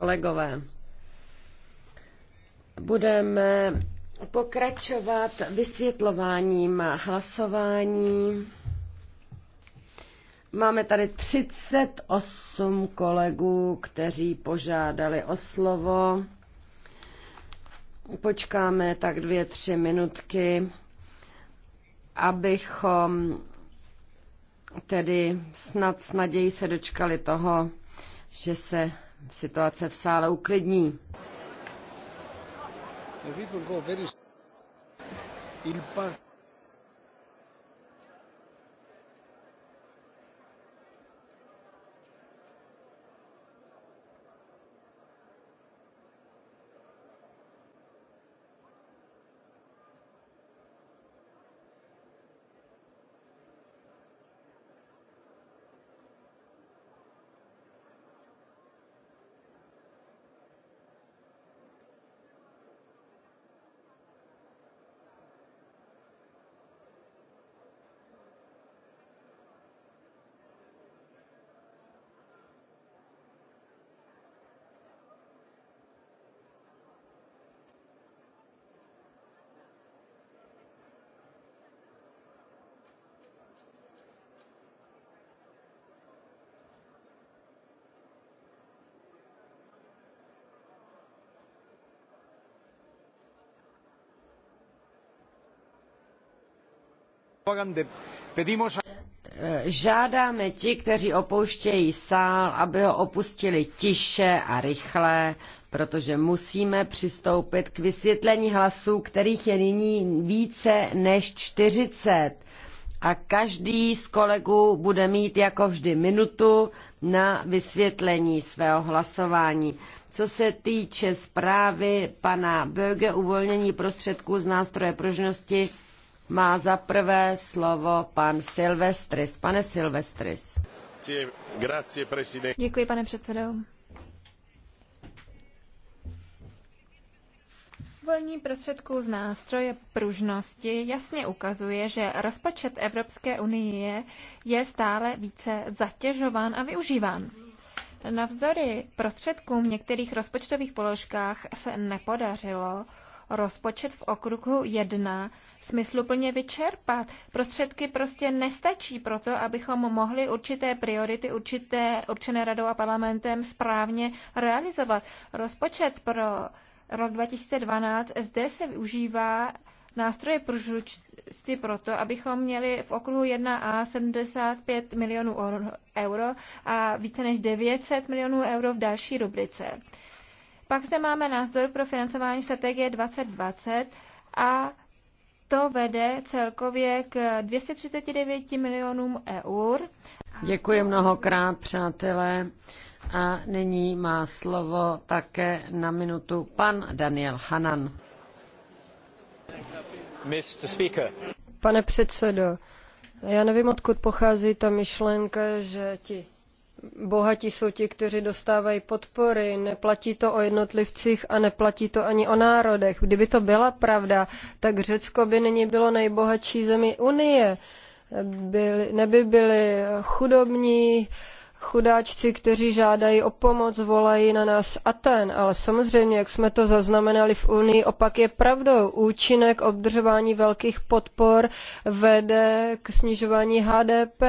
Kolegové, budeme pokračovat vysvětlováním hlasování. Máme tady 38 kolegů, kteří požádali o slovo. Počkáme tak dvě, tři minutky, abychom tedy snad s nadějí se dočkali toho, že se situace v sále uklidní. Il part... Eh, žádáme ti, kteří opouštějí sál, aby ho opustili tiše a rychle, protože musíme přistoupit k vysvětlení hlasů, kterých je nyní více než 40. A každý z kolegů bude mít jako vždy minutu na vysvětlení svého hlasování. Co se týče zprávy pana Böge uvolnění prostředků z nástroje pružnosti, má za prvé slovo pan Silvestris. Pane Silvestris. Děkuji, pane předsedo. Volní prostředků z nástroje pružnosti jasně ukazuje, že rozpočet Evropské unie je stále více zatěžován a využíván. Navzdory prostředkům v některých rozpočtových položkách se nepodařilo rozpočet v okruhu 1 smysluplně vyčerpat. Prostředky prostě nestačí pro to, abychom mohli určité priority určité, určené radou a parlamentem správně realizovat. Rozpočet pro rok 2012 zde se využívá nástroje pružnosti proto, abychom měli v okruhu 1A 75 milionů euro a více než 900 milionů euro v další rubrice. Pak zde máme nástroj pro financování strategie 2020 a to vede celkově k 239 milionům eur. Děkuji mnohokrát, přátelé. A nyní má slovo také na minutu pan Daniel Hanan. Pane předsedo, já nevím, odkud pochází ta myšlenka, že ti bohatí jsou ti, kteří dostávají podpory, neplatí to o jednotlivcích a neplatí to ani o národech. Kdyby to byla pravda, tak Řecko by nyní bylo nejbohatší zemí Unie. Byli, neby byli chudobní, chudáčci, kteří žádají o pomoc, volají na nás Aten, ale samozřejmě, jak jsme to zaznamenali v Unii, opak je pravdou. Účinek obdržování velkých podpor vede k snižování HDP.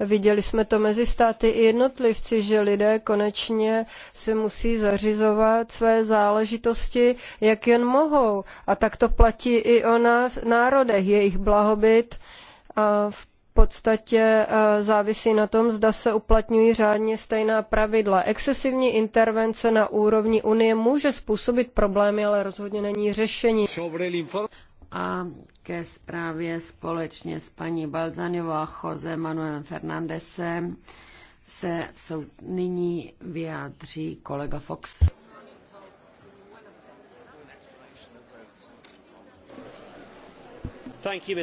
Viděli jsme to mezi státy i jednotlivci, že lidé konečně si musí zařizovat své záležitosti, jak jen mohou. A tak to platí i o nás, národech, jejich blahobyt v podstatě eh, závisí na tom, zda se uplatňují řádně stejná pravidla. Excesivní intervence na úrovni Unie může způsobit problémy, ale rozhodně není řešení. A ke zprávě společně s paní Balzaniovou a Jose Manuelem Fernandesem se jsou nyní vyjádří kolega Fox. You,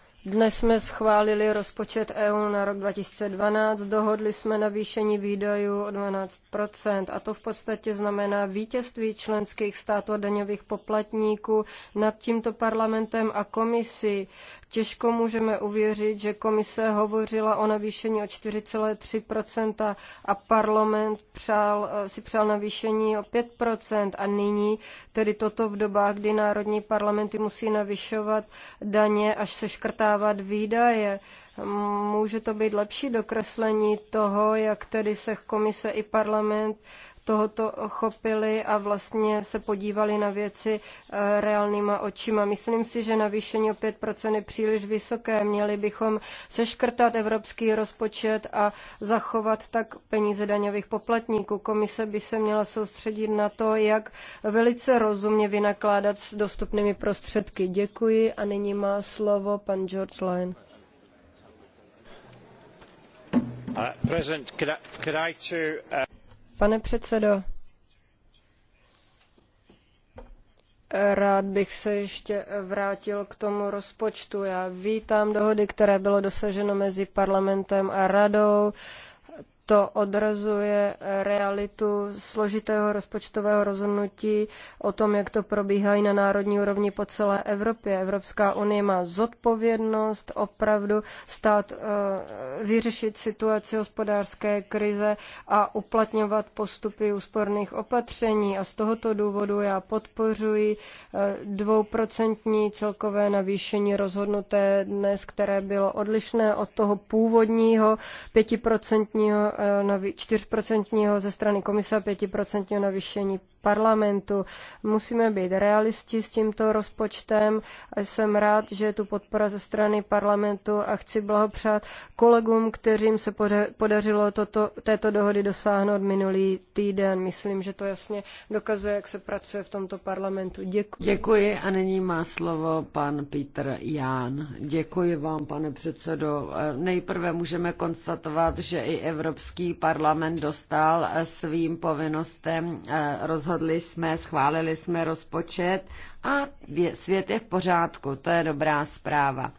Dnes jsme schválili rozpočet EU na rok 2012, dohodli jsme navýšení výdajů o 12 a to v podstatě znamená vítězství členských států a daňových poplatníků nad tímto parlamentem a komisí. Těžko můžeme uvěřit, že komise hovořila o navýšení o 4,3 a parlament přál, eh, si přál navýšení o 5 a nyní tedy toto v dobách, kdy národní parlamenty musí navyšovat daně až se škrtá dávat výdaje. Může to být lepší dokreslení toho, jak tedy se komise i parlament tohoto chopili a vlastně se podívali na věci eh, reálnýma očima. Myslím si, že navýšení o 5% je příliš vysoké. Měli bychom seškrtat evropský rozpočet a zachovat tak peníze daňových poplatníků. Komise by se měla soustředit na to, jak velice rozumně vynakládat s dostupnými prostředky. Děkuji a nyní má slovo pan George Lyon. Uh, Pane předsedo, rád bych se ještě vrátil k tomu rozpočtu. Já vítám dohody, které bylo dosaženo mezi parlamentem a radou. Uh, to odrazuje realitu složitého rozpočtového rozhodnutí o tom, jak to probíhá i na národní úrovni po celé Evropě. Evropská unie má zodpovědnost opravdu stát, eh, vyřešit situaci hospodářské krize a uplatňovat postupy úsporných opatření. A z tohoto důvodu já podpořuji eh, dvouprocentní celkové navýšení rozhodnuté dnes, které bylo odlišné od toho původního pětiprocentního Eh, čtyřprocentního 4% ze strany komise a 5% navýšení parlamentu. Musíme být realisti s tímto rozpočtem a jsem rád, že je tu podpora ze strany parlamentu a chci blahopřát kolegům, kterým se podařilo toto, této dohody dosáhnout minulý týden. Myslím, že to jasně dokazuje, jak se pracuje v tomto parlamentu. Děkuji. Děkuji a nyní má slovo pan Petr Ján. Děkuji vám, pane předsedo. Nejprve můžeme konstatovat, že i Evropský parlament dostal svým povinnostem eh, rozhodnutí rozhodli jsme, schválili jsme rozpočet a svět je v pořádku, to je dobrá zpráva.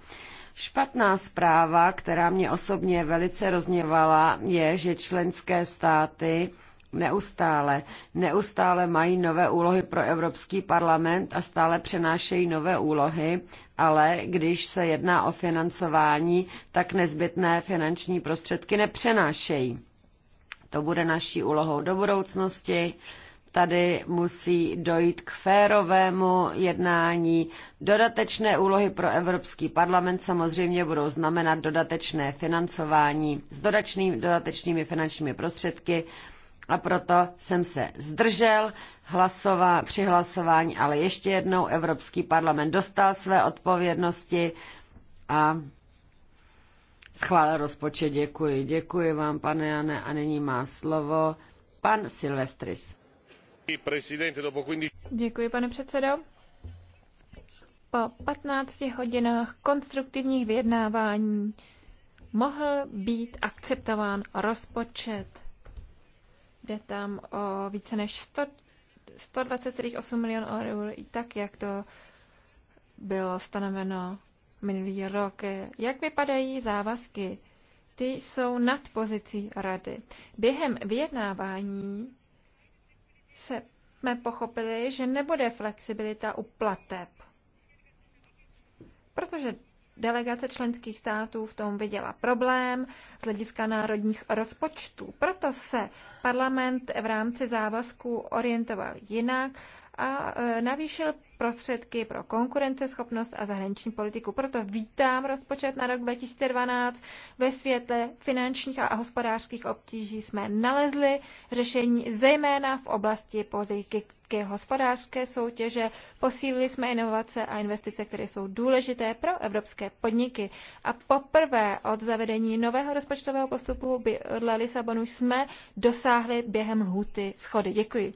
Špatná zpráva, která mě osobně velice rozněvala, je, že členské státy neustále, neustále mají nové úlohy pro Evropský parlament a stále přenášejí nové úlohy, ale když se jedná o financování, tak nezbytné finanční prostředky nepřenášejí. To bude naší úlohou do budoucnosti tady musí dojít k férovému jednání. Dodatečné úlohy pro Evropský parlament samozřejmě budou znamenat dodatečné financování s dodatečnými, dodatečnými finančními prostředky a proto jsem se zdržel hlasová, při hlasování, ale ještě jednou Evropský parlament dostal své odpovědnosti a schválil rozpočet. Děkuji. Děkuji vám, pane Jane. A nyní má slovo pan Silvestris. Děkuji, pane předsedo. Po 15 hodinách konstruktivních vyjednávání mohl být akceptován rozpočet. Jde tam o více než 120,8 milionů eur, i tak, jak to bylo stanoveno minulý rok. Jak vypadají závazky? Ty jsou nad pozicí rady. Během vyjednávání jsme pochopili, že nebude flexibilita u plateb, protože delegace členských států v tom viděla problém z hlediska národních rozpočtů. Proto se parlament v rámci závazků orientoval jinak a e, navýšil prostředky pro konkurenceschopnost a zahraniční politiku. Proto vítám rozpočet na rok 2012. Ve světle finančních a hospodářských obtíží jsme nalezli řešení zejména v oblasti politiky hospodářské soutěže, posílili jsme inovace a investice, které jsou důležité pro evropské podniky. A poprvé od zavedení nového rozpočtového postupu podle Lisabonu jsme dosáhli během lhuty schody. Děkuji.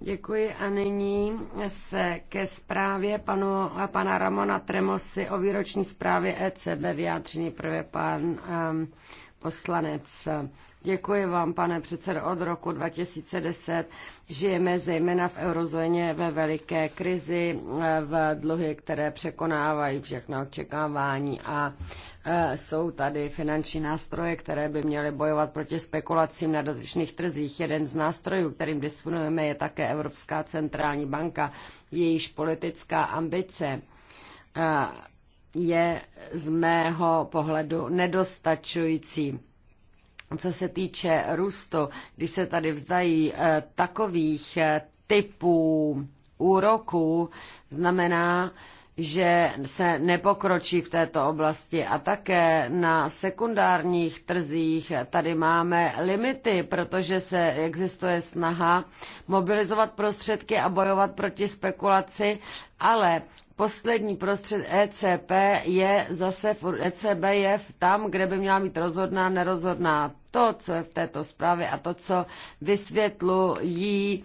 Děkuji a nyní se ke zprávě panu, pana Ramona Tremosy o výroční zprávě ECB vyjádří prvé pan um, poslanec. Děkuji vám, pane předsedo, od roku 2010 žijeme zejména v eurozóně ve veliké krizi, v dluhy, které překonávají všechna očekávání a e, jsou tady finanční nástroje, které by měly bojovat proti spekulacím na dotyčných trzích. Jeden z nástrojů, kterým disponujeme, je také Evropská centrální banka, jejíž politická ambice e, je z mého pohledu nedostačující. Co se týče růstu, když se tady vzdají eh, takových eh, typů úroků, znamená, že se nepokročí v této oblasti a také na sekundárních trzích tady máme limity, protože se existuje snaha mobilizovat prostředky a bojovat proti spekulaci, ale poslední prostřed ECP je zase ECB je tam, kde by měla být rozhodná, nerozhodná. To, co je v této zprávě a to, co vysvětlují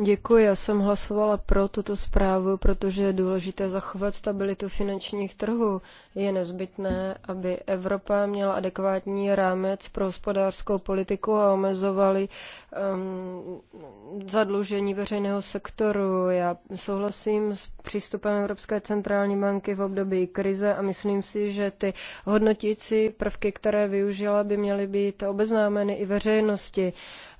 Děkuji, já jsem hlasovala pro tuto zprávu, protože je důležité zachovat stabilitu finančních trhů. Je nezbytné, aby Evropa měla adekvátní rámec pro hospodářskou politiku a omezovali um, zadlužení veřejného sektoru. Já souhlasím s přístupem Evropské centrální banky v období krize a myslím si, že ty hodnotící prvky, které využila, by měly být obeznámeny i veřejnosti.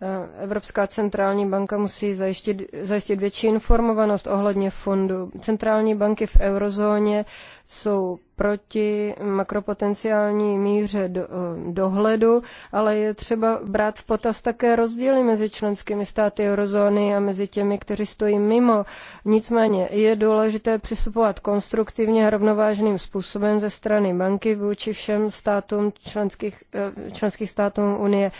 Uh, Evropská centrální banka musí zajišťovat zajistit, zajistit větší informovanost ohledně fondu. Centrální banky v eurozóně jsou proti makropotenciální míře do, eh, dohledu, ale je třeba brát v potaz také rozdíly mezi členskými státy eurozóny a mezi těmi, kteří stojí mimo. Nicméně je důležité přistupovat konstruktivně a rovnovážným způsobem ze strany banky vůči všem státům členských, eh, členských státům Unie.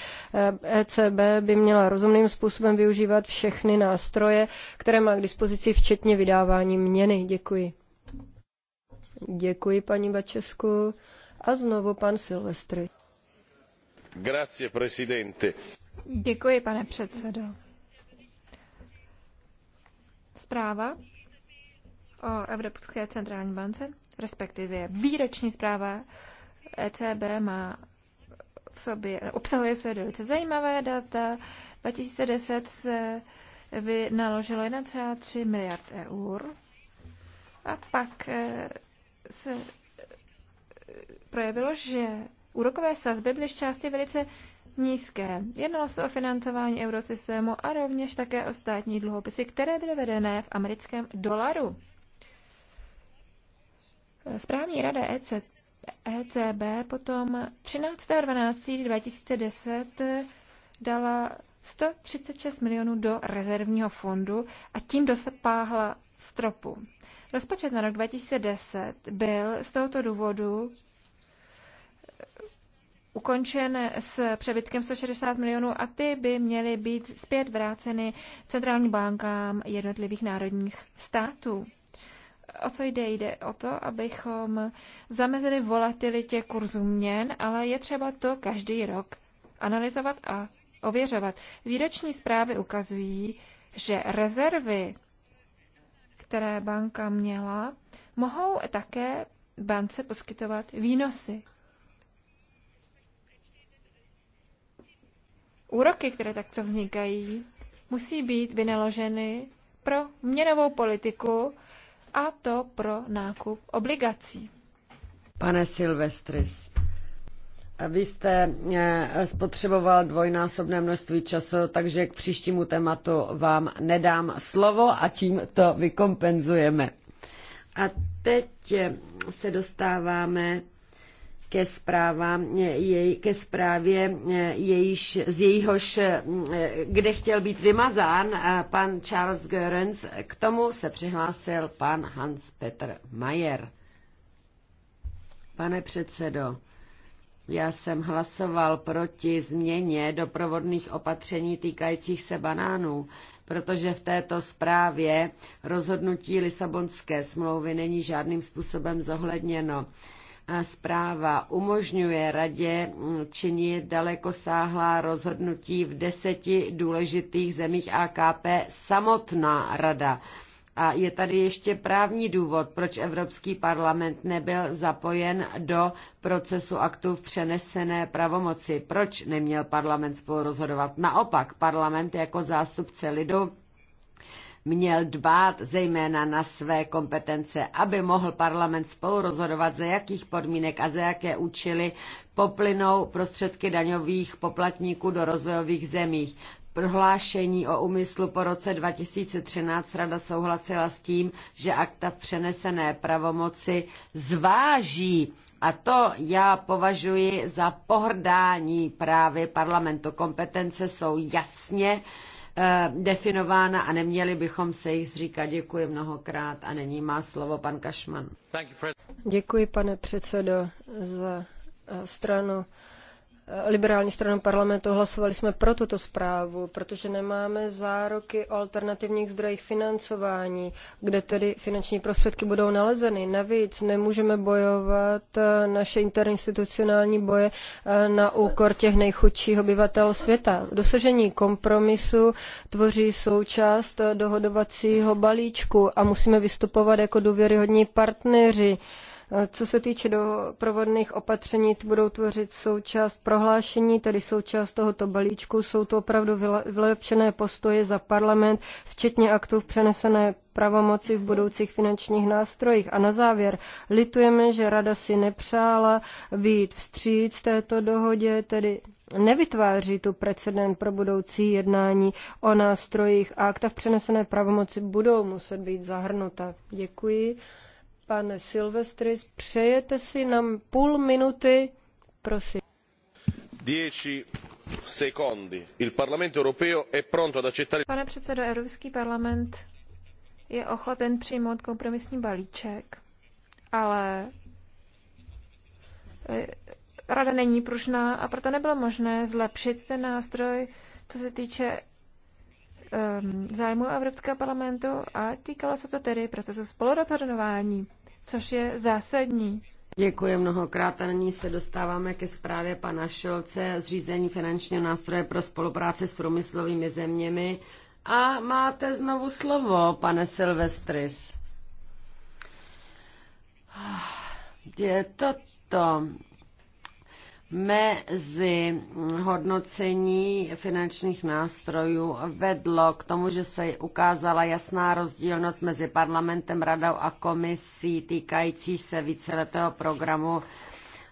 ECB eh, e by měla rozumným způsobem využívat všechny nástroje, které má k dispozici, včetně vydávání měny. Děkuji. Děkuji, paní Bačesku. A znovu pan Silvestry. Grazie, presidente. Děkuji, pane předsedo. Zpráva o Evropské centrální bance, respektive výroční zpráva ECB má v sobě, obsahuje v sobě velice zajímavé data. 2010 se vynaložilo 1,3 miliard eur a pak eh, se eh, projevilo, že úrokové sazby byly z části velice nízké. Jednalo se o financování eurosystému a rovněž také o státní dluhopisy, které byly vedené v americkém dolaru. Správní rada ECB e potom 13.12.2010 dala 136 milionů do rezervního fondu a tím dosepáhla stropu. Rozpočet na rok 2010 byl z tohoto důvodu ukončen s přebytkem 160 milionů a ty by měly být zpět vráceny centrálním bankám jednotlivých národních států. O co jde? Jde o to, abychom zamezili volatilitě kurzu měn, ale je třeba to každý rok analyzovat a ověřovat. Výroční zprávy ukazují, že rezervy které banka měla, mohou také bance poskytovat výnosy. Úroky, které takto vznikají, musí být vynaloženy pro měnovou politiku a to pro nákup obligací. Pane Silvestris, vy jste eh, spotřeboval dvojnásobné množství času, takže k příštímu tématu vám nedám slovo a tím to vykompenzujeme. A teď eh, se dostáváme ke, zprávám, eh, jej, ke zprávě, jejíž, z jejíhož, kde chtěl být vymazán pan Charles Görens. K tomu se přihlásil pan Hans-Peter Mayer. Pane předsedo, já jsem hlasoval proti změně doprovodných opatření týkajících se banánů, protože v této zprávě rozhodnutí Lisabonské smlouvy není žádným způsobem zohledněno. Zpráva umožňuje radě činit dalekosáhlá rozhodnutí v deseti důležitých zemích AKP samotná rada. A je tady ještě právní důvod, proč Evropský parlament nebyl zapojen do procesu aktu v přenesené pravomoci. Proč neměl parlament spolu rozhodovat? Naopak, parlament jako zástupce lidu měl dbát zejména na své kompetence, aby mohl parlament spolu rozhodovat, za jakých podmínek a za jaké účely poplynou prostředky daňových poplatníků do rozvojových zemích prohlášení o úmyslu po roce 2013 rada souhlasila s tím, že akta v přenesené pravomoci zváží a to já považuji za pohrdání právy parlamentu. Kompetence jsou jasně eh, definována a neměli bychom se jich zříkat. Děkuji mnohokrát a není má slovo pan Kašman. Děkuji, pane předsedo, za eh, stranu liberální stranou parlamentu, hlasovali jsme pro tuto zprávu, protože nemáme záruky o alternativních zdrojích financování, kde tedy finanční prostředky budou nalezeny. Navíc nemůžeme bojovat eh, naše interinstitucionální boje eh, na úkor těch nejchudších obyvatel světa. Dosažení kompromisu tvoří součást eh, dohodovacího balíčku a musíme vystupovat jako důvěryhodní partneři. Co se týče doprovodných opatření, budou tvořit součást prohlášení, tedy součást tohoto balíčku. Jsou to opravdu vylepšené postoje za parlament, včetně aktů v přenesené pravomoci v budoucích finančních nástrojích. A na závěr litujeme, že Rada si nepřála být vstříc této dohodě, tedy nevytváří tu precedent pro budoucí jednání o nástrojích a akta v přenesené pravomoci budou muset být zahrnuta. Děkuji. Pane Silvestris, přejete si nám půl minuty, prosím. 10 secondi. Il Parlamento europeo è pronto ad accettare... Pane předsedo, Evropský parlament je ochoten přijmout kompromisní balíček, ale e, rada není pružná a proto nebylo možné zlepšit ten nástroj, co se týče um, zájmu Evropského parlamentu a týkalo se to tedy procesu spolurozhodování což je zásadní. Děkuji mnohokrát a nyní se dostáváme ke zprávě pana Šolce zřízení finančního nástroje pro spolupráci s průmyslovými zeměmi. A máte znovu slovo, pane Silvestris. Je to to mezi hodnocení finančních nástrojů vedlo k tomu, že se ukázala jasná rozdílnost mezi parlamentem, radou a komisí týkající se víceletého programu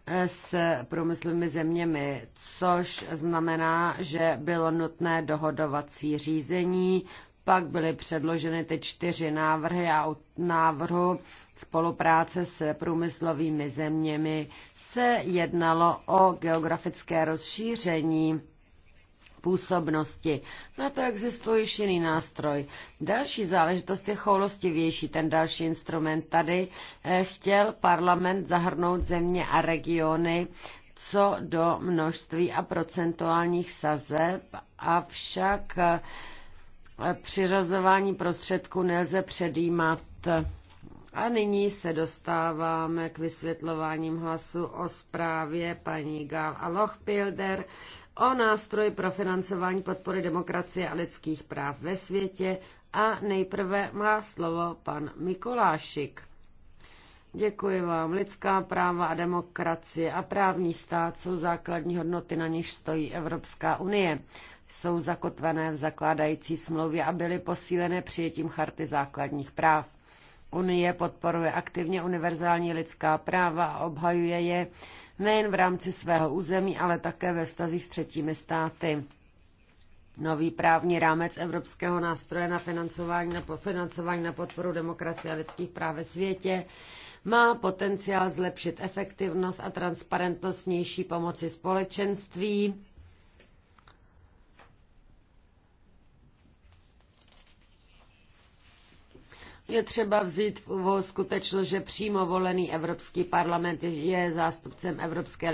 eh, s průmyslovými zeměmi, což znamená, že bylo nutné dohodovací řízení, pak byly předloženy ty čtyři návrhy a od návrhu spolupráce s průmyslovými zeměmi se jednalo o geografické rozšíření působnosti. Na to existuje již jiný nástroj. Další záležitost je choulostivější. Ten další instrument tady eh, chtěl parlament zahrnout země a regiony co do množství a procentuálních sazeb, avšak eh, přiřazování prostředků nelze předjímat. A nyní se dostáváme k vysvětlováním hlasu o zprávě paní Gál a Lochpilder o nástroji pro financování podpory demokracie a lidských práv ve světě a nejprve má slovo pan Mikolášik. Děkuji vám. Lidská práva a demokracie a právní stát jsou základní hodnoty, na nich stojí Evropská unie jsou zakotvené v zakládající smlouvě a byly posílené přijetím Charty základních práv. Unie podporuje aktivně univerzální lidská práva a obhajuje je nejen v rámci svého území, ale také ve vztazích s třetími státy. Nový právní rámec Evropského nástroje na financování na, financování na podporu demokracie a lidských práv ve světě má potenciál zlepšit efektivnost a transparentnost vnější pomoci společenství je třeba vzít v úvahu skutečnost, že přímo volený Evropský parlament je zástupcem evropské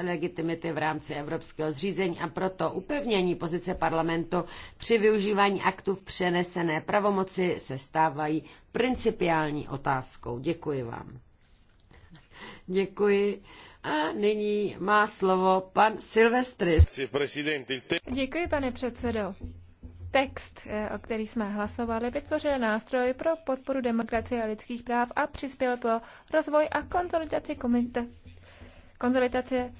legitimity v rámci evropského zřízení a proto upevnění pozice parlamentu při využívání aktů v přenesené pravomoci se stávají principiální otázkou. Děkuji vám. Děkuji. A nyní má slovo pan Silvestris. Děkuji, pane předsedo text, eh, o který jsme hlasovali, vytvořil nástroj pro podporu demokracie a lidských práv a přispěl pro rozvoj a konsolidaci, komita- konsolidaci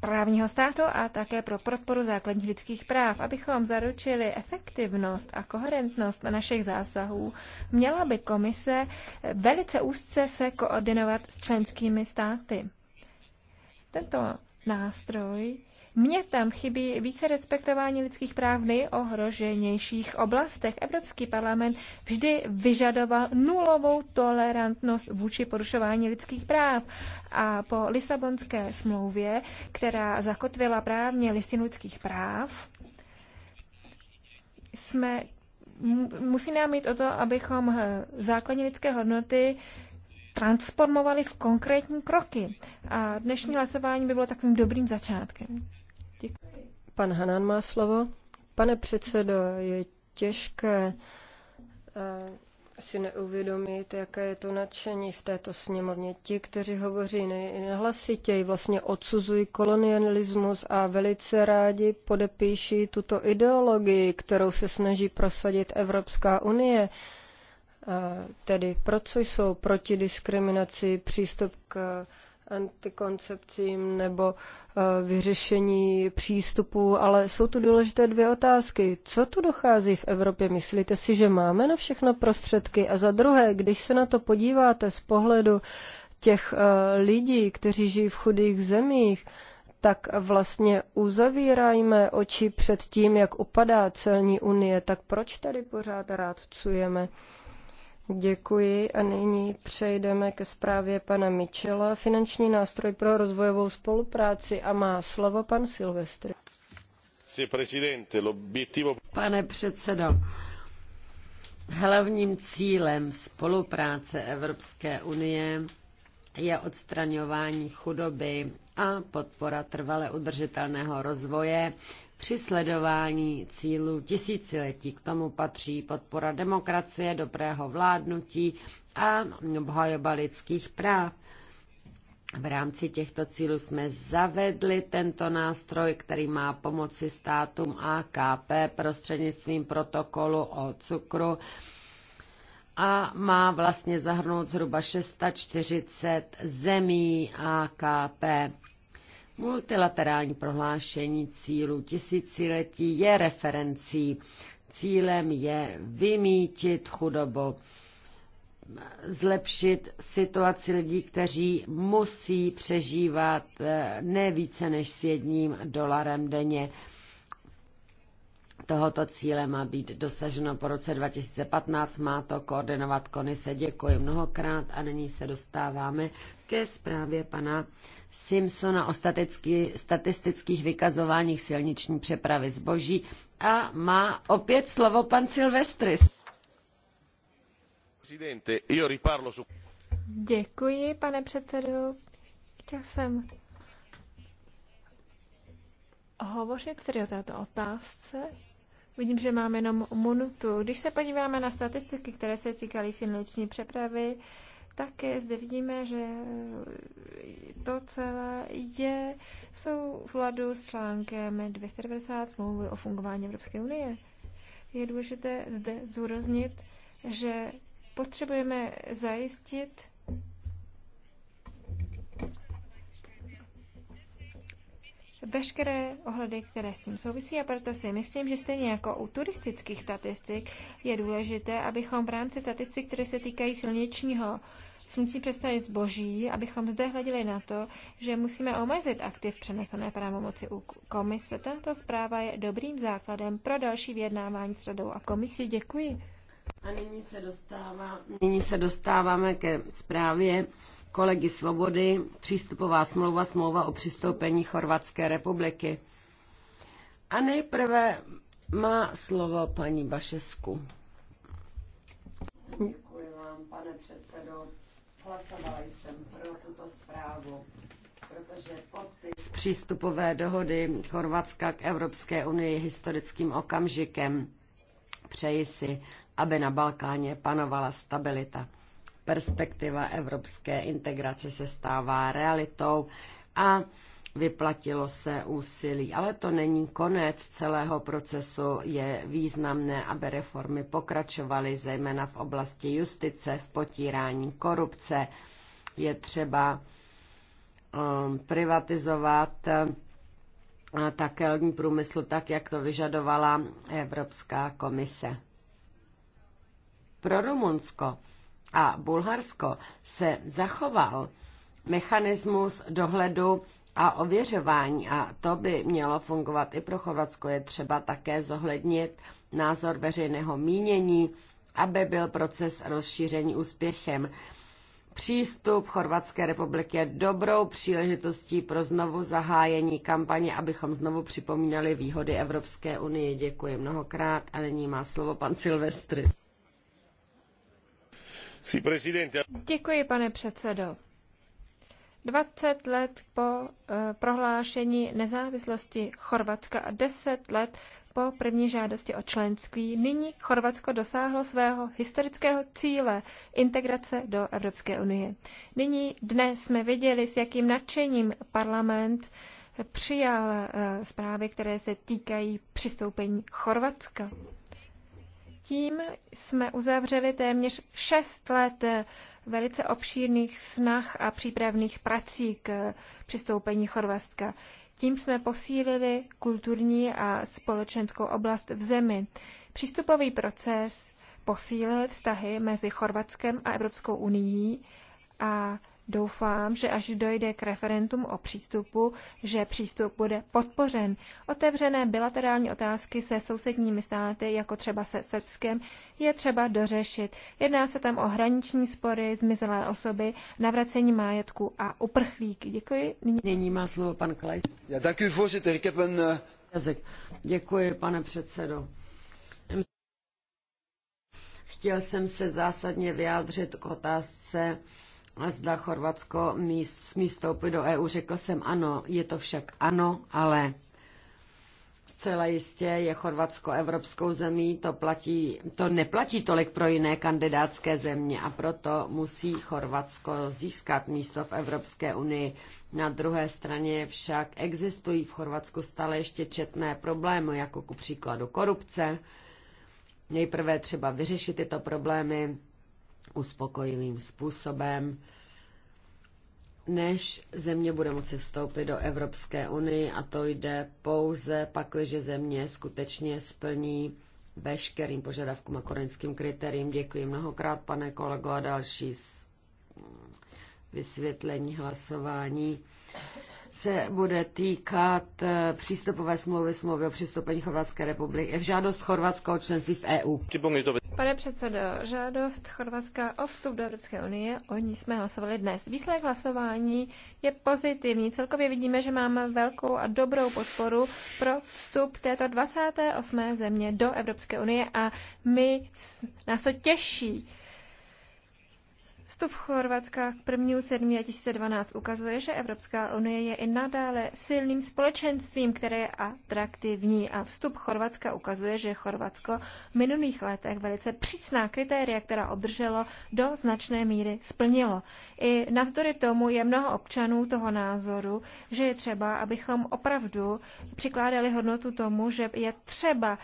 právního státu a také pro podporu základních lidských práv. Abychom zaručili efektivnost a koherentnost našich zásahů, měla by komise eh, velice úzce se koordinovat s členskými státy. Tento nástroj mně tam chybí více respektování lidských práv v nejohroženějších oblastech. Evropský parlament vždy vyžadoval nulovou tolerantnost vůči porušování lidských práv. A po Lisabonské smlouvě, která zakotvila právně listinu lidských práv, jsme, musí nám mít o to, abychom eh, základní lidské hodnoty transformovali v konkrétní kroky. A dnešní hlasování by bylo takovým dobrým začátkem. Děkuji. Pan Hanan má slovo. Pane předsedo, je těžké eh, si neuvědomit, jaké je to nadšení v této sněmovně. Ti, kteří hovoří nejhlasitěji, vlastně odsuzují kolonialismus a velice rádi podepíší tuto ideologii, kterou se snaží prosadit Evropská unie. Eh, tedy proč jsou proti diskriminaci, přístup k antikoncepcím nebo eh, vyřešení přístupu, ale jsou tu důležité dvě otázky. Co tu dochází v Evropě? Myslíte si, že máme na všechno prostředky? A za druhé, když se na to podíváte z pohledu těch eh, lidí, kteří žijí v chudých zemích, tak vlastně uzavírajme oči před tím, jak upadá celní unie, tak proč tady pořád rádcujeme? Děkuji a nyní přejdeme ke zprávě pana Michela. Finanční nástroj pro rozvojovou spolupráci a má slovo pan Silvestr. Pane předsedo, hlavním cílem spolupráce Evropské unie je odstraňování chudoby a podpora trvale udržitelného rozvoje při sledování cílů tisíciletí. K tomu patří podpora demokracie, dobrého vládnutí a obhajoba lidských práv. V rámci těchto cílů jsme zavedli tento nástroj, který má pomoci státům AKP prostřednictvím protokolu o cukru a má vlastně zahrnout zhruba 640 zemí AKP. Multilaterální prohlášení cílů tisíciletí je referencí. Cílem je vymítit chudobu, zlepšit situaci lidí, kteří musí přežívat eh, ne více než s jedním dolarem denně tohoto cíle má být dosaženo po roce 2015, má to koordinovat konise. Děkuji mnohokrát a nyní se dostáváme ke zprávě pana Simpsona o statistických vykazováních silniční přepravy zboží a má opět slovo pan Silvestris. Děkuji, pane předsedu. Chtěl jsem hovořit tedy o této otázce, Vidím, že máme jenom minutu. Když se podíváme na statistiky, které se týkaly silniční přepravy, tak zde vidíme, že to celé je v souladu s článkem 290 smlouvy o fungování Evropské unie. Je důležité zde zúroznit, že potřebujeme zajistit veškeré ohledy, které s tím souvisí a proto si myslím, že stejně jako u turistických statistik je důležité, abychom v rámci statistik, které se týkají silničního smutí představit zboží, abychom zde hleděli na to, že musíme omezit aktiv přenesené pravomoci u komise. Tato zpráva je dobrým základem pro další vyjednávání s radou a komisí. Děkuji. A nyní se, dostává, nyní se dostáváme ke zprávě kolegy Svobody přístupová smlouva, smlouva o přistoupení Chorvatské republiky. A nejprve má slovo paní Bašesku. Děkuji vám, pane předsedo. Hlasovala jsem pro tuto zprávu, protože podpis přístupové dohody Chorvatska k Evropské unii je historickým okamžikem. Přeji si, aby na Balkáně panovala stabilita perspektiva evropské integrace se stává realitou a vyplatilo se úsilí. Ale to není konec celého procesu. Je významné, aby reformy pokračovaly, zejména v oblasti justice, v potírání korupce. Je třeba um, privatizovat uh, také lodní průmysl, tak jak to vyžadovala Evropská komise. Pro Rumunsko a Bulharsko se zachoval mechanismus dohledu a ověřování a to by mělo fungovat i pro Chorvatsko. Je třeba také zohlednit názor veřejného mínění, aby byl proces rozšíření úspěchem. Přístup Chorvatské republiky je dobrou příležitostí pro znovu zahájení kampaně, abychom znovu připomínali výhody Evropské unie. Děkuji mnohokrát a nyní má slovo pan Silvestry. Děkuji, pane předsedo. 20 let po eh, prohlášení nezávislosti Chorvatska a 10 let po první žádosti o členství, nyní Chorvatsko dosáhlo svého historického cíle integrace do Evropské unie. Nyní dnes jsme viděli, s jakým nadšením parlament přijal eh, zprávy, které se týkají přistoupení Chorvatska. Tím jsme uzavřeli téměř šest let velice obšírných snah a přípravných prací k přistoupení Chorvatska. Tím jsme posílili kulturní a společenskou oblast v zemi. Přístupový proces posílil vztahy mezi Chorvatskem a Evropskou unii a doufám, že až dojde k referentum o přístupu, že přístup bude podpořen. Otevřené bilaterální otázky se sousedními státy, jako třeba se Srbskem, je třeba dořešit. Jedná se tam o hraniční spory, zmizelé osoby, navracení majetku a uprchlíky. Děkuji. Nyní, Nyní má slovo pan Klejt. Já děkuji, eh, Děkuji, pane předsedo. Chtěl jsem se zásadně vyjádřit k otázce zda Chorvatsko míst, smí vstoupit do EU. Řekl jsem ano, je to však ano, ale zcela jistě je Chorvatsko evropskou zemí, to, platí, to neplatí tolik pro jiné kandidátské země a proto musí Chorvatsko získat místo v Evropské unii. Na druhé straně však existují v Chorvatsku stále ještě četné problémy, jako ku příkladu korupce. Nejprve třeba vyřešit tyto problémy, uspokojivým způsobem, než země bude moci vstoupit do Evropské unie a to jde pouze pak, když země skutečně splní veškerým požadavkům a korenským kritériím. Děkuji mnohokrát, pane kolego, a další vysvětlení hlasování se bude týkat eh, přístupové smlouvy, smlouvy o přistoupení Chorvatské republiky, v žádost Chorvatského členství v EU. Pane předsedo, žádost Chorvatska o vstup do Evropské unie, o ní jsme hlasovali dnes. Výsledek hlasování je pozitivní. Celkově vidíme, že máme velkou a dobrou podporu pro vstup této 28. země do Evropské unie a my nás to těší. Vstup Chorvatska k 1. 7. 2012 ukazuje, že Evropská unie je i nadále silným společenstvím, které je atraktivní a vstup Chorvatska ukazuje, že Chorvatsko v minulých letech velice přísná kritéria, která obdrželo, do značné míry splnilo. I navzdory tomu je mnoho občanů toho názoru, že je třeba, abychom opravdu přikládali hodnotu tomu, že je třeba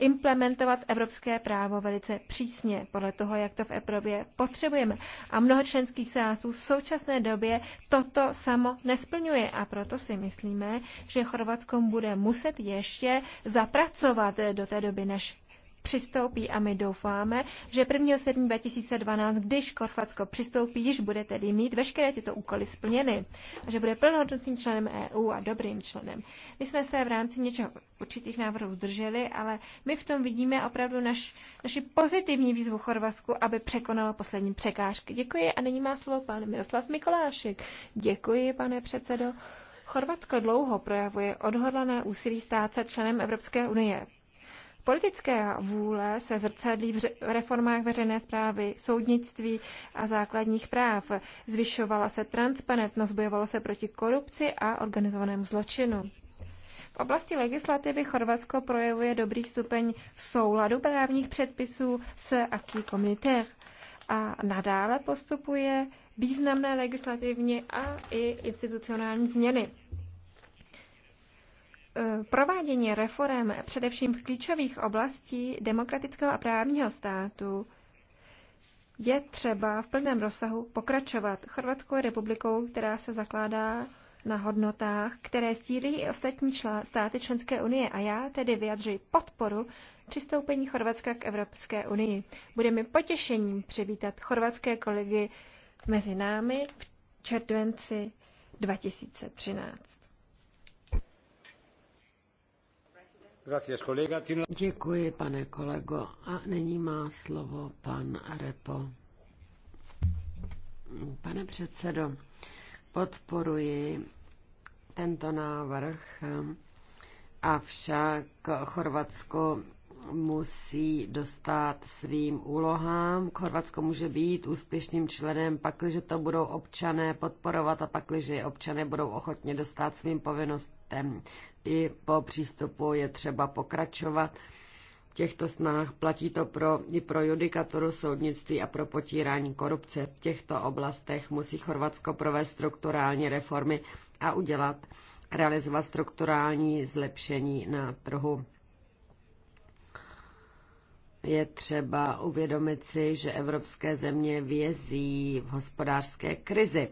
implementovat evropské právo velice přísně podle toho, jak to v Evropě potřebujeme. A mnoho členských států v současné době toto samo nesplňuje a proto si myslíme, že Chorvatskom bude muset ještě zapracovat do té doby, než přistoupí a my doufáme, že 1. 7. 2012, když Chorvatsko přistoupí, již bude tedy mít veškeré tyto úkoly splněny a že bude plnohodnotným členem EU a dobrým členem. My jsme se v rámci něčeho určitých návrhů drželi, ale my v tom vidíme opravdu naš, naši pozitivní výzvu Chorvatsku, aby překonalo poslední překážky. Děkuji a nyní má slovo pan Miroslav Mikolášek. Děkuji, pane předsedo. Chorvatsko dlouho projevuje odhodlané úsilí stát se členem Evropské unie. Politická vůle se zrcadlí v reformách veřejné zprávy, soudnictví a základních práv. Zvyšovala se transparentnost, bojovalo se proti korupci a organizovanému zločinu. V oblasti legislativy Chorvatsko projevuje dobrý stupeň souladu právních předpisů s aký communautaire a nadále postupuje významné legislativní a i institucionální změny. Eh, provádění reform především v klíčových oblastí demokratického a právního státu je třeba v plném rozsahu pokračovat. Chorvatskou republikou, která se zakládá na hodnotách, které sdílí i ostatní čl- státy členské unie a já tedy vyjadřuji podporu přistoupení Chorvatska k Evropské unii. Bude mi potěšením přivítat chorvatské kolegy mezi námi v červenci 2013. Děkuji, pane kolego. A nyní má slovo pan Repo. Pane předsedo, podporuji tento návrh, avšak Chorvatsko musí dostat svým úlohám. Chorvatsko může být úspěšným členem, pakliže to budou občané podporovat a pakliže občané budou ochotně dostat svým povinnostem tématem. I po přístupu je třeba pokračovat v těchto snách. Platí to pro, i pro judikaturu soudnictví a pro potírání korupce. V těchto oblastech musí Chorvatsko provést strukturální reformy a udělat realizovat strukturální zlepšení na trhu je třeba uvědomit si, že evropské země vězí v hospodářské krizi.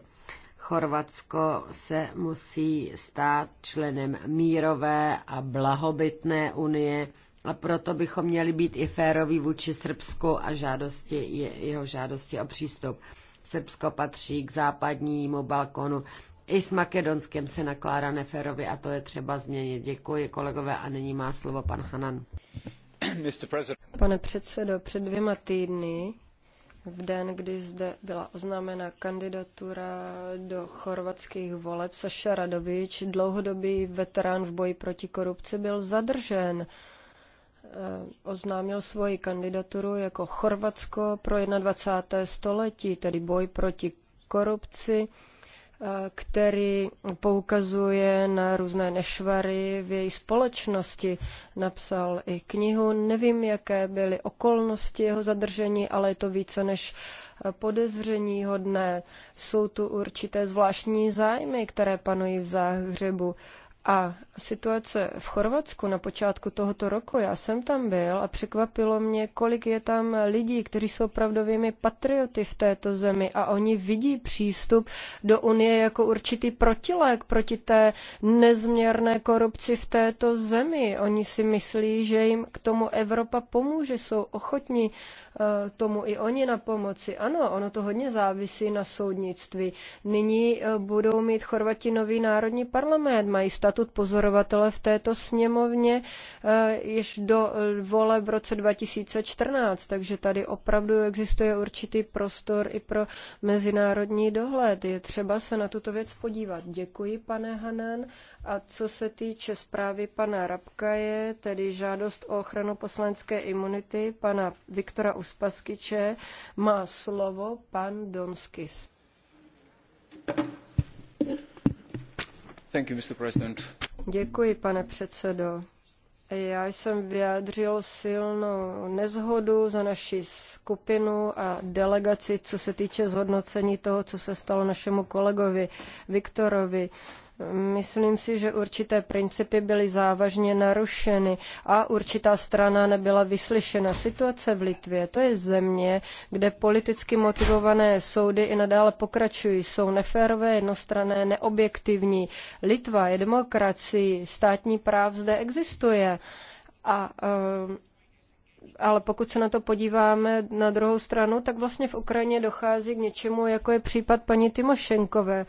Chorvatsko se musí stát členem mírové a blahobytné unie a proto bychom měli být i féroví vůči Srbsku a žádosti, jeho žádosti o přístup. Srbsko patří k západnímu balkonu. I s Makedonskem se nakládá neférově a to je třeba změnit. Děkuji kolegové a nyní má slovo pan Hanan. Pane předsedo, před dvěma týdny v den, kdy zde byla oznámena kandidatura do chorvatských voleb, Saša Radovič, dlouhodobý veterán v boji proti korupci, byl zadržen. Eh, oznámil svoji kandidaturu jako Chorvatsko pro 21. století, tedy boj proti korupci který poukazuje na různé nešvary v její společnosti. Napsal i knihu, nevím, jaké byly okolnosti jeho zadržení, ale je to více než podezření hodné. Jsou tu určité zvláštní zájmy, které panují v záhřebu. A situace v Chorvatsku na počátku tohoto roku, já jsem tam byl a překvapilo mě, kolik je tam lidí, kteří jsou pravdovými patrioty v této zemi a oni vidí přístup do Unie jako určitý protilék proti té nezměrné korupci v této zemi. Oni si myslí, že jim k tomu Evropa pomůže, jsou ochotní eh, tomu i oni na pomoci. Ano, ono to hodně závisí na soudnictví. Nyní eh, budou mít Chorvati nový národní parlament, mají stav statut pozorovatele v této sněmovně eh, již do eh, vole v roce 2014, takže tady opravdu existuje určitý prostor i pro mezinárodní dohled. Je třeba se na tuto věc podívat. Děkuji, pane Hanen. A co se týče zprávy pana Rabka, je tedy žádost o ochranu poslanecké imunity pana Viktora Uspaskyče. Má slovo pan Donskis. Děkuji, pane předsedající. Já jsem vyjádřil silnou neshodu za naši skupinu a delegaci, co se týče zhodnocení toho, co se stalo našemu kolegovi Viktorovi. Myslím si, že určité principy byly závažně narušeny a určitá strana nebyla vyslyšena. Situace v Litvě, to je země, kde politicky motivované soudy i nadále pokračují, jsou neférové, jednostrané, neobjektivní. Litva je demokracií, státní práv zde existuje a ehm, ale pokud se na to podíváme na druhou stranu, tak vlastně v Ukrajině dochází k něčemu, jako je případ paní Timošenkové.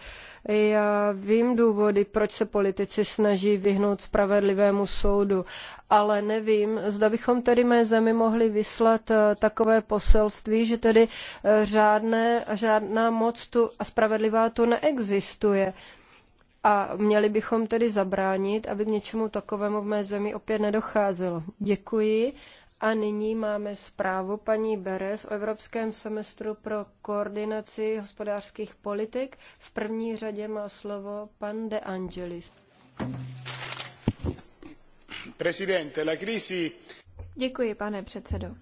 Já vím důvody, proč se politici snaží vyhnout spravedlivému soudu, ale nevím, zda bychom tedy mé zemi mohli vyslat eh, takové poselství, že tedy eh, řádné, žádná moc tu a spravedlivá tu neexistuje. A měli bychom tedy zabránit, aby k něčemu takovému v mé zemi opět nedocházelo. Děkuji. A nyní máme zprávu paní Beres o Evropském semestru pro koordinaci hospodářských politik. V první řadě má slovo pan De Angelis. Presidente, la crisi... Děkuji, pane předsedo.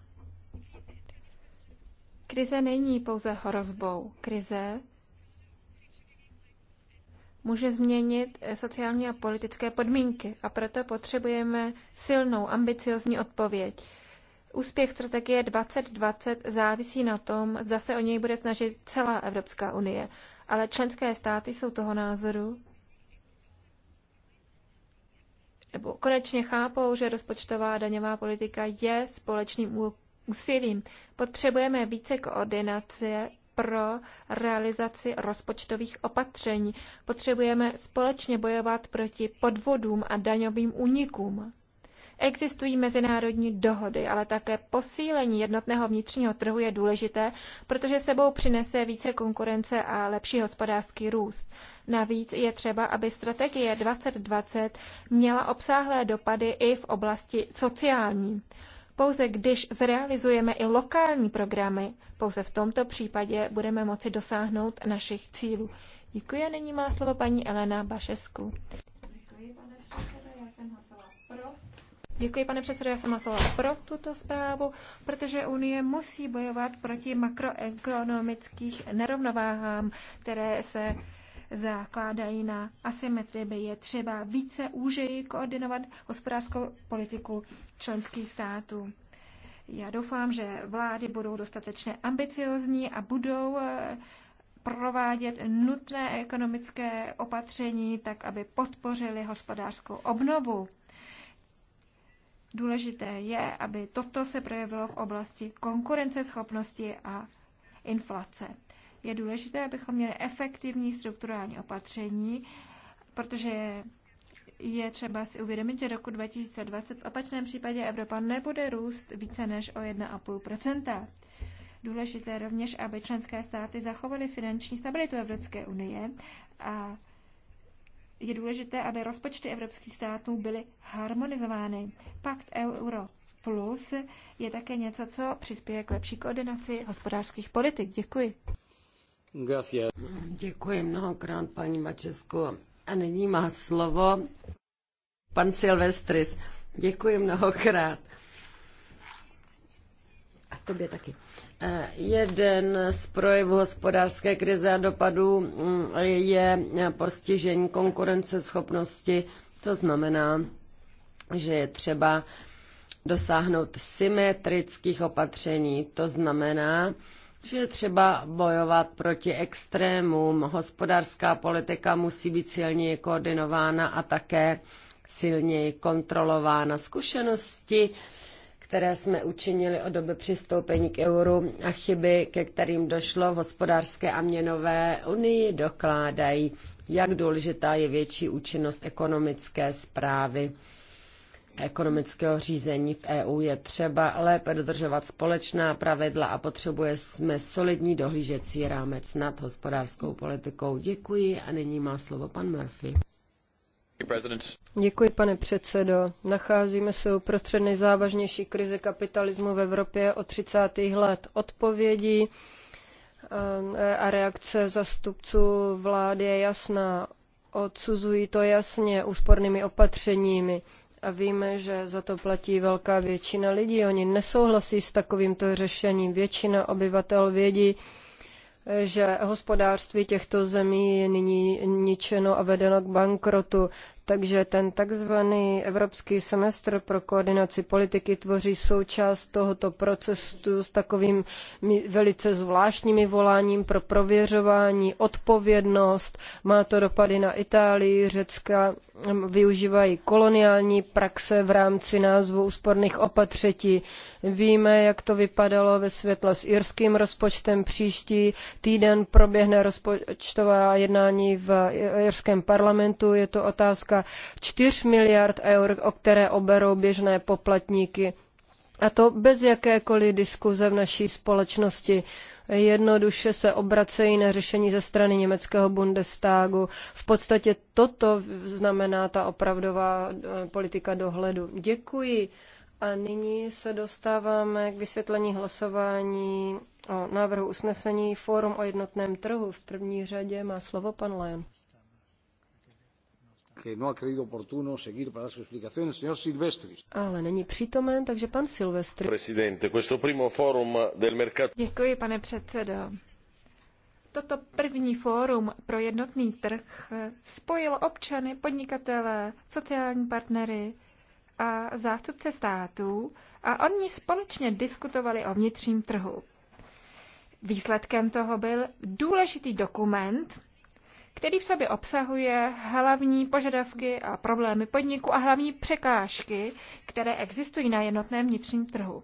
Krize není pouze hrozbou. Krize může změnit sociální a politické podmínky a proto potřebujeme silnou, ambiciozní odpověď. Úspěch strategie 2020 závisí na tom, zda se o něj bude snažit celá Evropská unie, ale členské státy jsou toho názoru, nebo konečně chápou, že rozpočtová daňová politika je společným úsilím. Potřebujeme více koordinace pro realizaci rozpočtových opatření. Potřebujeme společně bojovat proti podvodům a daňovým únikům. Existují mezinárodní dohody, ale také posílení jednotného vnitřního trhu je důležité, protože sebou přinese více konkurence a lepší hospodářský růst. Navíc je třeba, aby strategie 2020 měla obsáhlé dopady i v oblasti sociální. Pouze když zrealizujeme i lokální programy, pouze v tomto případě budeme moci dosáhnout našich cílů. Děkuji a nyní má slovo paní Elena Bašesku. Děkuji, pane předsedo, já jsem hlasovala pro Děkuji, pane předsedo, já jsem hlasovala pro tuto zprávu, protože Unie musí bojovat proti makroekonomických nerovnováhám, které se zakládají na asymetrii, by je třeba více úžeji koordinovat hospodářskou politiku členských států. Já doufám, že vlády budou dostatečně ambiciozní a budou eh, provádět nutné ekonomické opatření, tak aby podpořili hospodářskou obnovu. Důležité je, aby toto se projevilo v oblasti konkurenceschopnosti a inflace. Je důležité, abychom měli efektivní strukturální opatření, protože je třeba si uvědomit, že roku 2020 v opačném případě Evropa nebude růst více než o 1,5 Důležité rovněž, aby členské státy zachovaly finanční stabilitu Evropské unie a je důležité, aby rozpočty evropských států byly harmonizovány. Pakt euro plus je také něco, co přispěje k lepší koordinaci hospodářských politik. Děkuji. Gracias. Děkuji mnohokrát, paní Mačesku. A nyní má slovo pan Silvestris. Děkuji mnohokrát tobě taky. Eh, jeden z projevů hospodářské krize a dopadů mm, je postižení konkurenceschopnosti. To znamená, že je třeba dosáhnout symetrických opatření. To znamená, že je třeba bojovat proti extrémům. Hospodářská politika musí být silněji koordinována a také silněji kontrolována. Zkušenosti které jsme učinili od doby přistoupení k euru a chyby, ke kterým došlo v hospodářské a měnové unii, dokládají, jak důležitá je větší účinnost ekonomické zprávy ekonomického řízení v EU je třeba lépe dodržovat společná pravidla a potřebujeme solidní dohlížecí rámec nad hospodářskou politikou. Děkuji a nyní má slovo pan Murphy. Děkuji, pane předsedo. Nacházíme se uprostřed nejzávažnější krize kapitalismu v Evropě od 30. let. Odpovědi ehm, a reakce zastupců vlády je jasná. Odsuzují to jasně úspornými opatřeními. A víme, že za to platí velká většina lidí. Oni nesouhlasí s takovýmto řešením. Většina obyvatel vědí, že hospodářství těchto zemí je nyní ničeno a vedeno k bankrotu. Takže ten takzvaný evropský semestr pro koordinaci politiky tvoří součást tohoto procesu s takovým velice zvláštním voláním pro prověřování, odpovědnost. Má to dopady na Itálii, Řecka, využívají koloniální praxe v rámci názvu úsporných opatření Víme, jak to vypadalo ve světle s irským rozpočtem. Příští týden proběhne rozpočtová jednání v irském parlamentu. Je to otázka cca 4 miliard eur, o které oberou běžné poplatníky. A to bez jakékoliv diskuze v naší společnosti. Jednoduše se obracejí na řešení ze strany německého Bundestagu. V podstatě toto znamená ta opravdová eh, politika dohledu. Děkuji. A nyní se dostáváme k vysvětlení hlasování o návrhu usnesení Fórum o jednotném trhu. V první řadě má slovo pan Lyon. No Ale není přítomen, takže pan Silvestris. Děkuji, pane předsedo. Toto první fórum pro jednotný trh spojilo občany, podnikatele, sociální partnery a zástupce států a oni společně diskutovali o vnitřním trhu. Výsledkem toho byl důležitý dokument, který v sobě obsahuje hlavní požadavky a problémy podniku a hlavní překážky, které existují na jednotném vnitřním trhu.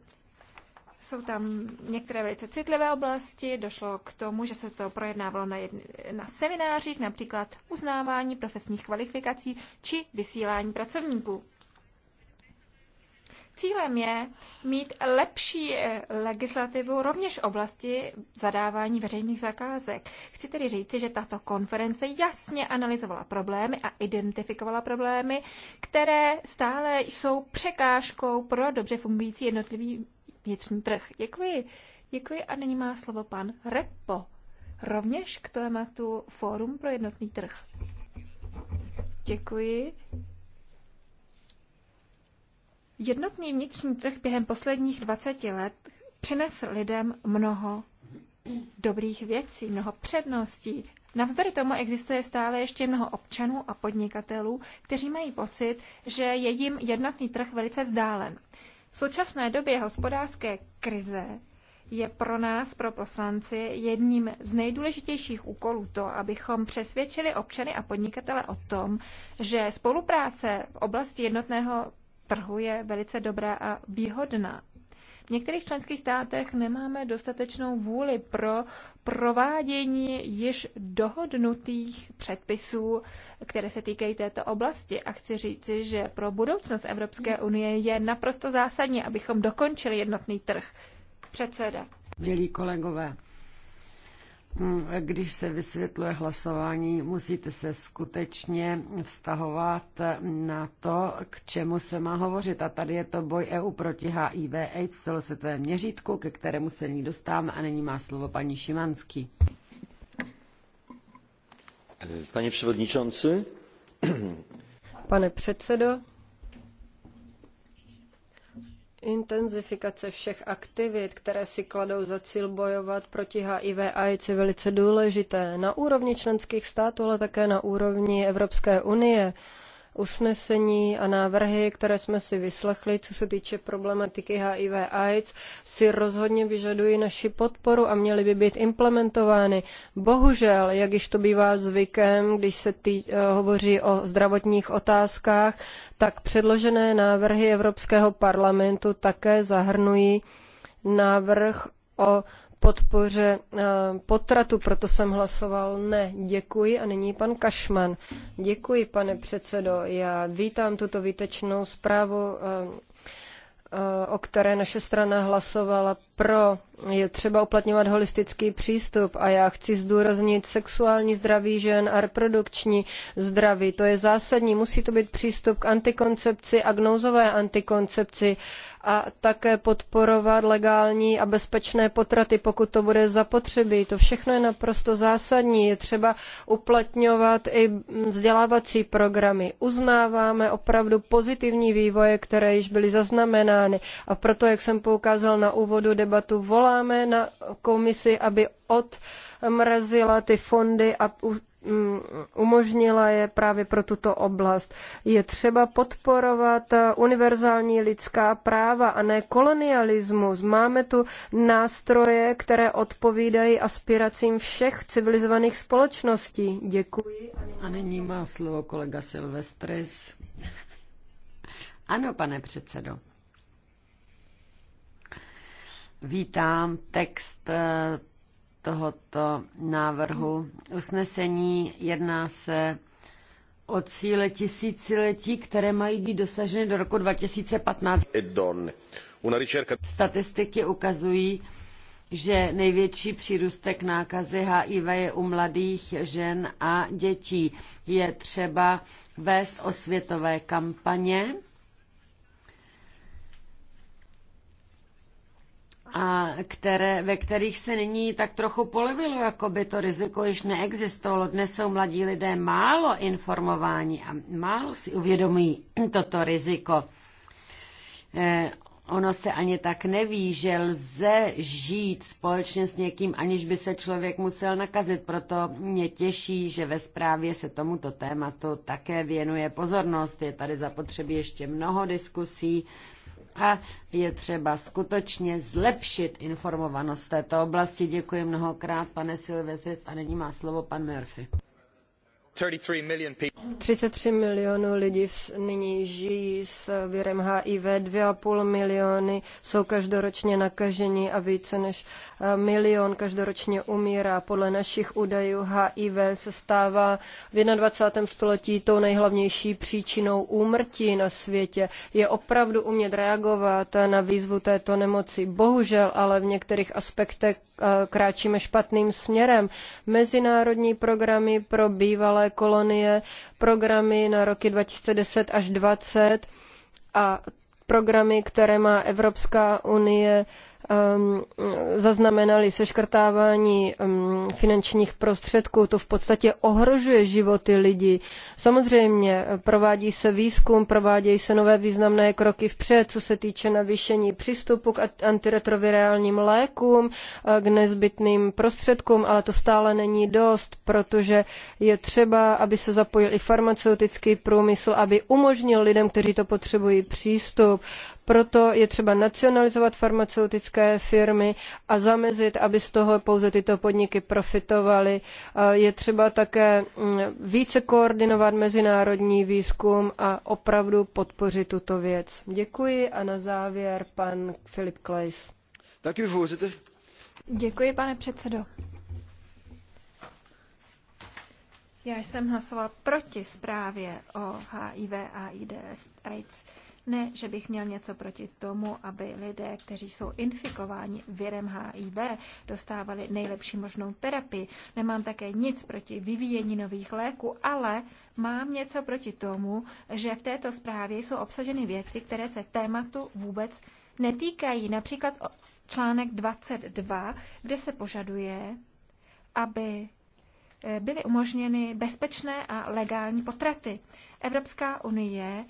Jsou tam některé velice citlivé oblasti, došlo k tomu, že se to projednávalo na, jedn- na seminářích, například uznávání profesních kvalifikací či vysílání pracovníků. Cílem je mít lepší eh, legislativu rovněž v oblasti zadávání veřejných zakázek. Chci tedy říci, že tato konference jasně analyzovala problémy a identifikovala problémy, které stále jsou překážkou pro dobře fungující jednotlivý vnitřní trh. Děkuji. Děkuji a nyní má slovo pan Repo. Rovněž k tématu Fórum pro jednotný trh. Děkuji. Jednotný vnitřní trh během posledních 20 let přinesl lidem mnoho dobrých věcí, mnoho předností. Navzdory tomu existuje stále ještě mnoho občanů a podnikatelů, kteří mají pocit, že je jim jednotný trh velice vzdálen. V současné době hospodářské krize je pro nás, pro poslanci, jedním z nejdůležitějších úkolů to, abychom přesvědčili občany a podnikatele o tom, že spolupráce v oblasti jednotného trhu je velice dobrá a výhodná. V některých členských státech nemáme dostatečnou vůli pro provádění již dohodnutých předpisů, které se týkají této oblasti. A chci říci, že pro budoucnost Evropské unie je naprosto zásadní, abychom dokončili jednotný trh. Předseda. Milí kolegové, Mm, když se vysvětluje hlasování, musíte se skutečně vztahovat na to, k čemu se má hovořit. A tady je to boj EU proti HIV AIDS v celosvětovém měřítku, ke kterému se nyní dostáváme a nyní má slovo paní Šimanský. Pane Pane předsedo, Intenzifikace všech aktivit, které si kladou za cíl bojovat proti HIV AIDS je velice důležité na úrovni členských států, ale také na úrovni Evropské unie usnesení a návrhy, které jsme si vyslechli, co se týče problematiky HIV AIDS, si rozhodně vyžadují naši podporu a měly by být implementovány. Bohužel, jak již to bývá zvykem, když se tý, eh, hovoří o zdravotních otázkách, tak předložené návrhy Evropského parlamentu také zahrnují návrh o podpoře eh, potratu, proto jsem hlasoval ne. Děkuji a nyní pan Kašman. Děkuji, pane předsedo. Já vítám tuto výtečnou zprávu eh, eh, o které naše strana hlasovala pro. Je třeba uplatňovat holistický přístup a já chci zdůraznit sexuální zdraví žen a reprodukční zdraví. To je zásadní, musí to být přístup k antikoncepci a k nouzové antikoncepci a také podporovat legální a bezpečné potraty, pokud to bude zapotřebí. To všechno je naprosto zásadní. Je třeba uplatňovat i vzdělávací programy. Uznáváme opravdu pozitivní vývoje, které již byly zaznamenány a proto, jak jsem poukázal na úvodu debatu, voláme na komisi, aby odmrazila ty fondy a Mm, umožnila je právě pro tuto oblast. Je třeba podporovat eh, univerzální lidská práva a ne kolonialismus. Máme tu nástroje, které odpovídají aspiracím všech civilizovaných společností. Děkuji. A nyní má slovo kolega Silvestris. Ano, pane předsedo. Vítám text eh, tohoto návrhu usnesení. Jedná se o cíle tisíciletí, které mají být dosaženy do roku 2015. Statistiky ukazují, že největší přírůstek nákazy HIV je u mladých žen a dětí. Je třeba vést osvětové kampaně a které, ve kterých se nyní tak trochu polevilo, jako by to riziko již neexistovalo. Dnes jsou mladí lidé málo informováni a málo si uvědomují toto riziko. Eh, ono se ani tak neví, že lze žít společně s někým, aniž by se člověk musel nakazit. Proto mě těší, že ve zprávě se tomuto tématu také věnuje pozornost. Je tady zapotřebí ještě mnoho diskusí a je třeba skutečně zlepšit informovanost této oblasti. Děkuji mnohokrát, pane Silvestris, a nyní má slovo pan Murphy. 33 milionů lidí nyní žijí s virem HIV, 2,5 miliony jsou každoročně nakaženi a více než eh, milion každoročně umírá. Podle našich údajů HIV se stává v 21. století tou nejhlavnější příčinou úmrtí na světě. Je opravdu umět reagovat na výzvu této nemoci. Bohužel ale v některých aspektech kráčíme špatným směrem. Mezinárodní programy pro bývalé kolonie, programy na roky 2010 až 2020 a programy, které má Evropská unie Ehm, zaznamenali seškrtávání ehm, finančních prostředků. To v podstatě ohrožuje životy lidí. Samozřejmě eh, provádí se výzkum, provádějí se nové významné kroky vpřed, co se týče navýšení přístupu k antiretrovirálním lékům, eh, k nezbytným prostředkům, ale to stále není dost, protože je třeba, aby se zapojil i farmaceutický průmysl, aby umožnil lidem, kteří to potřebují, přístup. Proto je třeba nacionalizovat farmaceutický české firmy a zamezit, aby z toho pouze tyto podniky profitovaly. Je třeba také mm, více koordinovat mezinárodní výzkum a opravdu podpořit tuto věc. Děkuji a na závěr pan Filip Klejs. Děkuji, pane předsedo. Já jsem hlasoval proti zprávě o HIV a AIDS. Ne, že bych měl něco proti tomu, aby lidé, kteří jsou infikováni virem HIV, dostávali nejlepší možnou terapii. Nemám také nic proti vyvíjení nových léků, ale mám něco proti tomu, že v této zprávě jsou obsaženy věci, které se tématu vůbec netýkají. Například článek 22, kde se požaduje, aby eh, byly umožněny bezpečné a legální potraty. Evropská unie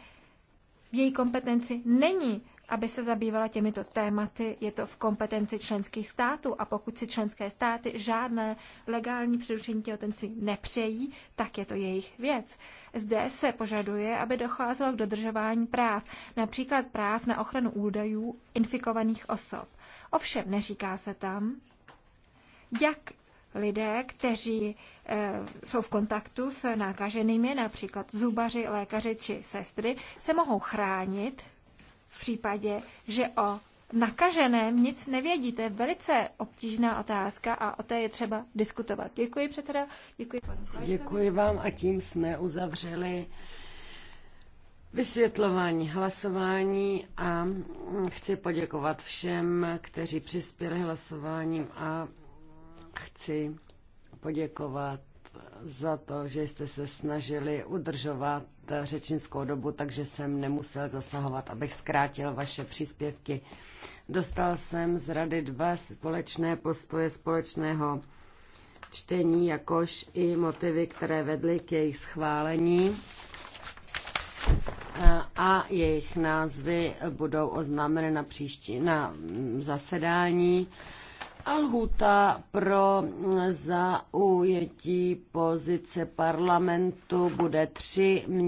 v její kompetenci není, aby se zabývala těmito tématy. Je to v kompetenci členských států a pokud si členské státy žádné legální přerušení těhotenství nepřejí, tak je to jejich věc. Zde se požaduje, aby docházelo k dodržování práv, například práv na ochranu údajů infikovaných osob. Ovšem neříká se tam, jak lidé, kteří eh, jsou v kontaktu s nakaženými, například zubaři, lékaři či sestry, se mohou chránit v případě, že o nakaženém nic nevědí. To je velice obtížná otázka a o té je třeba diskutovat. Děkuji předseda, děkuji panu Děkuji vám a tím jsme uzavřeli vysvětlování hlasování a chci poděkovat všem, kteří přispěli hlasováním a chci poděkovat za to, že jste se snažili udržovat řečnickou dobu, takže jsem nemusel zasahovat, abych zkrátil vaše příspěvky. Dostal jsem z rady dva společné postoje společného čtení, jakož i motivy, které vedly k jejich schválení a jejich názvy budou oznámeny na příští na zasedání a lhůta pro zaujetí pozice parlamentu bude tři